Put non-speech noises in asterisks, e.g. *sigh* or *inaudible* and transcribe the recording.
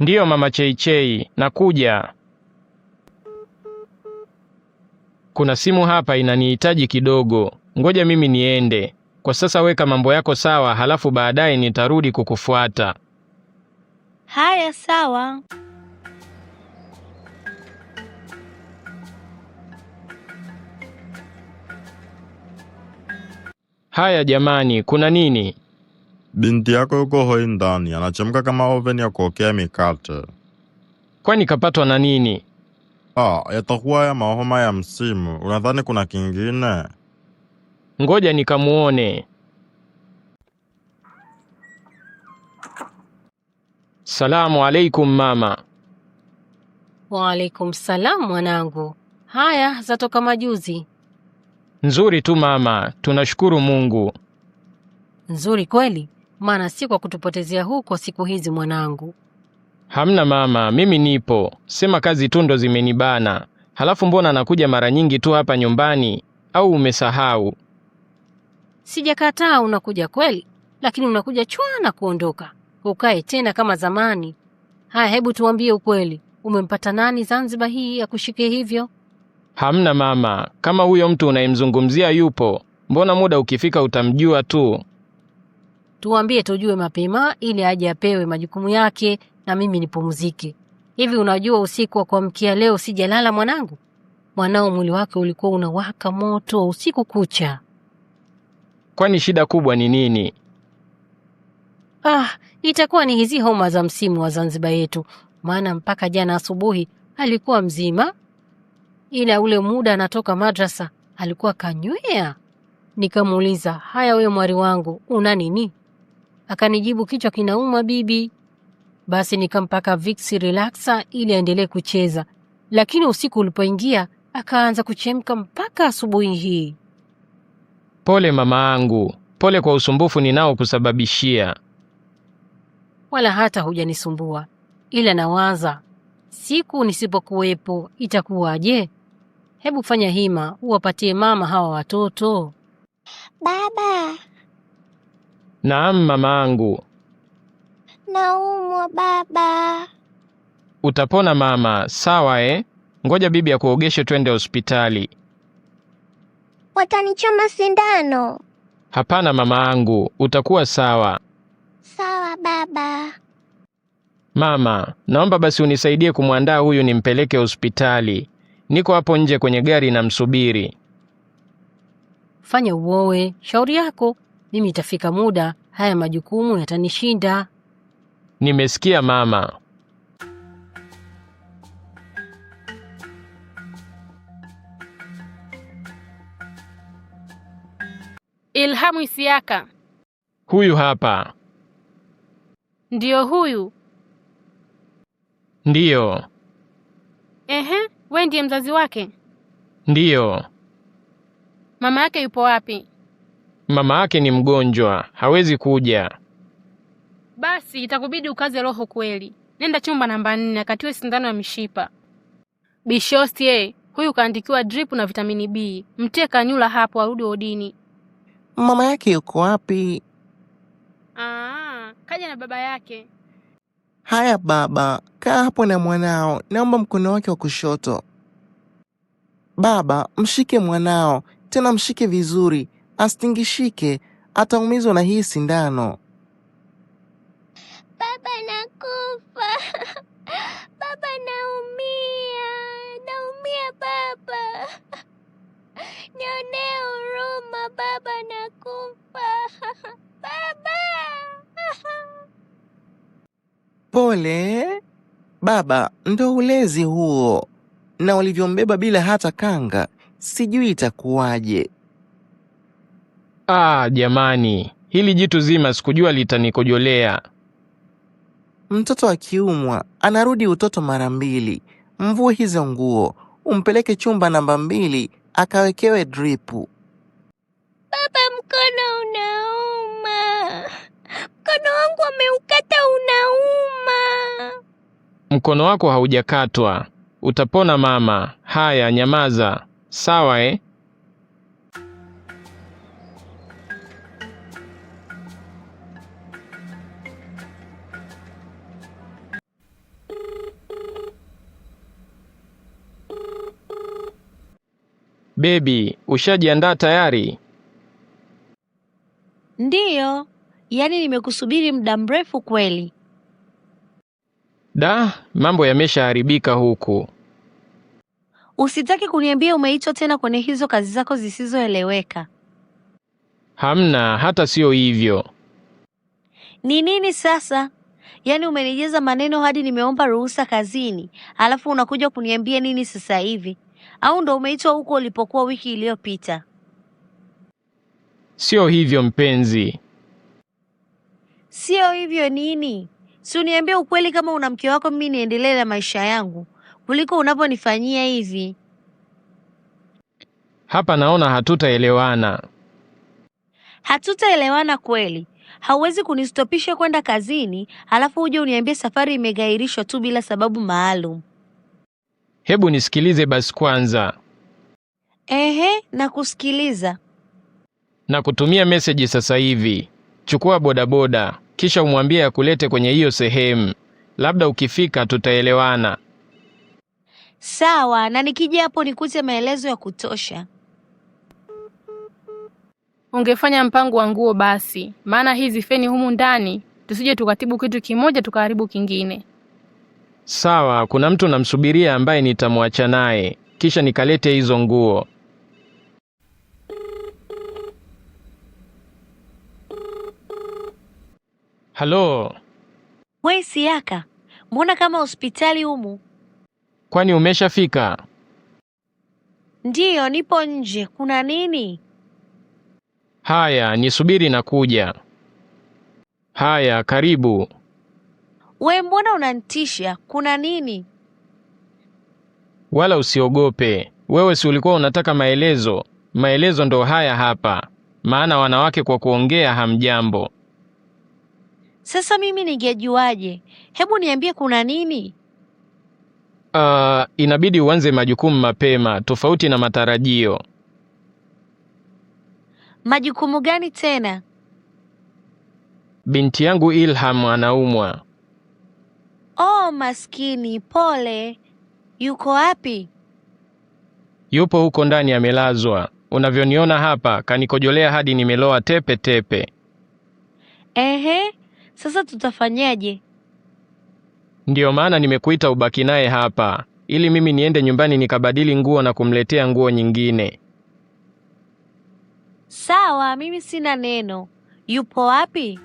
Ndiyo mama Cheichei, nakuja. Kuna simu hapa inanihitaji kidogo, ngoja mimi niende kwa sasa. Weka mambo yako sawa, halafu baadaye nitarudi kukufuata. Haya, sawa. Haya jamani, kuna nini? Binti yako yuko hoi ndani, anachemka kama oven ya kuokea mikate. Kwani kapatwa na nini? Ah, yatakuwa ya mahoma ya msimu. Unadhani kuna kingine? Ngoja nikamuone. Salamu alaikum mama. Waalaikum salam mwanangu. Haya, zatoka majuzi. Nzuri tu mama, tunashukuru Mungu. Nzuri kweli? maana si kwa kutupotezea huko siku hizi mwanangu. Hamna mama, mimi nipo, sema kazi tu ndo zimenibana. Halafu mbona nakuja mara nyingi tu hapa nyumbani, au umesahau? Sijakataa unakuja kweli, lakini unakuja chwa na kuondoka, ukae tena kama zamani. Haya, hebu tuambie ukweli, umempata nani Zanzibar hii ya kushike hivyo? Hamna mama, kama huyo mtu unayemzungumzia yupo, mbona muda ukifika utamjua tu tuambie tujue mapema ili aje apewe majukumu yake na mimi nipumzike. Hivi unajua usiku wa kuamkia leo sijalala mwanangu? Mwanao mwili wake ulikuwa unawaka moto usiku kucha. Kwani shida kubwa ni nini? Ah, itakuwa ni hizi homa za msimu wa Zanzibar yetu, maana mpaka jana asubuhi alikuwa mzima, ila ule muda anatoka madrasa alikuwa kanywea. Nikamuuliza, haya we mwari wangu, una nini? Akanijibu, kichwa kinauma bibi. Basi nikampaka Vicks relaxer ili aendelee kucheza, lakini usiku ulipoingia akaanza kuchemka mpaka asubuhi hii. Pole mama angu pole kwa usumbufu ninaokusababishia. Wala hata hujanisumbua, ila nawaza siku nisipokuwepo itakuwaje? Hebu fanya hima uwapatie mama hawa watoto. Baba Naam, mamaangu. Naumwa baba. Utapona mama, sawa eh? Ngoja bibi akuogeshe, twende hospitali. Watanichoma sindano? Hapana mamaangu, utakuwa sawa. Sawa baba. Mama, naomba basi unisaidie kumwandaa huyu nimpeleke hospitali. Niko hapo nje kwenye gari namsubiri. Fanya uoe, shauri yako mimi itafika muda haya majukumu yatanishinda. Nimesikia mama. Ilhamu Isiaka, huyu hapa. Ndiyo huyu. Ndiyo. Ehe, wewe ndiye mzazi wake? Ndiyo. Mama yake yupo wapi? Mama yake ni mgonjwa, hawezi kuja. Basi itakubidi ukaze roho kweli. Nenda chumba namba nne akatiwe sindano ya mishipa. Bishosti eh, huyu kaandikiwa drip na vitamini B. Mtie kanyula hapo arudi odini. Mama yake yuko wapi? Aa, kaja na baba yake. Haya baba, kaa hapo na mwanao, naomba mkono wake wa kushoto. Baba, mshike mwanao, tena mshike vizuri, Asitingishike, ataumizwa na hii sindano. Baba, nakufa! *laughs* Baba, naumia, naumia baba, *laughs* nionee huruma baba, nakufa *laughs* baba. Pole baba, ndo ulezi huo, na walivyombeba bila hata kanga, sijui itakuwaje. Ah, jamani, hili jitu zima sikujua litanikojolea. Mtoto akiumwa anarudi utoto mara mbili. Mvue hizo nguo, umpeleke chumba namba mbili akawekewe dripu. Baba, mkono unauma, mkono wangu ameukata, unauma. Mkono wako haujakatwa, utapona mama. Haya, nyamaza. Sawa eh? Bebi, ushajiandaa tayari? Ndiyo, yaani nimekusubiri muda mrefu kweli. Da, mambo yameshaharibika huku. Usitaki kuniambia umeitwa tena kwenye hizo kazi zako zisizoeleweka? Hamna, hata siyo hivyo. Ni nini sasa? Yaani umenijeza maneno hadi nimeomba ruhusa kazini, alafu unakuja kuniambia nini sasa hivi? au ndo umeitwa huko ulipokuwa wiki iliyopita? Sio hivyo mpenzi. Sio hivyo nini? Si uniambie ukweli, kama una mke wako mimi niendelee na maisha yangu kuliko unavyonifanyia hivi. Hapa naona hatutaelewana. Hatutaelewana kweli? Hauwezi kunistopisha kwenda kazini, halafu uje uniambie safari imegairishwa tu bila sababu maalum. Hebu nisikilize basi kwanza. Ehe, nakusikiliza. Na kutumia meseji sasa hivi. Chukua bodaboda, kisha umwambie akulete kwenye hiyo sehemu. Labda ukifika tutaelewana. Sawa, na nikija hapo nikute maelezo ya kutosha. Ungefanya mpango wa nguo basi, maana hizi feni humu ndani, tusije tukatibu kitu kimoja tukaharibu kingine. Sawa, kuna mtu namsubiria ambaye nitamwacha naye, kisha nikalete hizo nguo. Halo we Siaka, mbona kama hospitali humu? Kwani umeshafika? Ndiyo, nipo nje. Kuna nini? Haya, nisubiri na kuja. Haya, karibu. We mbona unanitisha? Kuna nini? Wala usiogope wewe, si ulikuwa unataka maelezo? Maelezo ndo haya hapa, maana wanawake kwa kuongea hamjambo. Sasa mimi ningejuaje? Hebu niambie, kuna nini? Uh, inabidi uanze majukumu mapema, tofauti na matarajio. Majukumu gani tena? Binti yangu Ilham anaumwa. Oh, maskini pole. Yuko wapi? Yupo huko ndani, amelazwa. Unavyoniona hapa, kanikojolea hadi nimeloa tepe tepe. Ehe, sasa tutafanyaje? Ndiyo maana nimekuita ubaki naye hapa ili mimi niende nyumbani nikabadili nguo na kumletea nguo nyingine. Sawa, mimi sina neno. Yupo wapi?